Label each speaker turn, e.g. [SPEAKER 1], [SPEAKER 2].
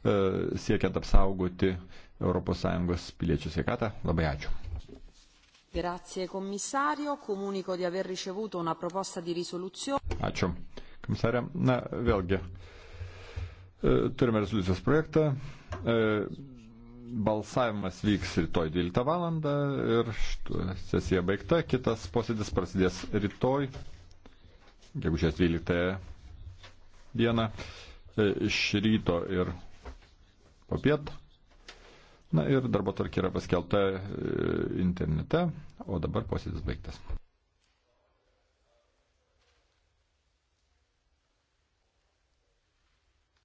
[SPEAKER 1] E, siekiant apsaugoti ES piliečių sveikatą. Labai ačiū.
[SPEAKER 2] Grazie komisario, komuniko di aver ricevuto una proposta di risoluzione.
[SPEAKER 1] Ačiū. Komisarė, na vėlgi, e, turime rezoliucijos projektą. E, balsavimas vyks rytoj 12 val. ir sesija baigta. Kitas posėdis prasidės rytoj, gegužės 12 dieną, iš ryto ir popiet. Na ir darbo tvarkė yra paskelbta e, internete, o dabar posėdis baigtas.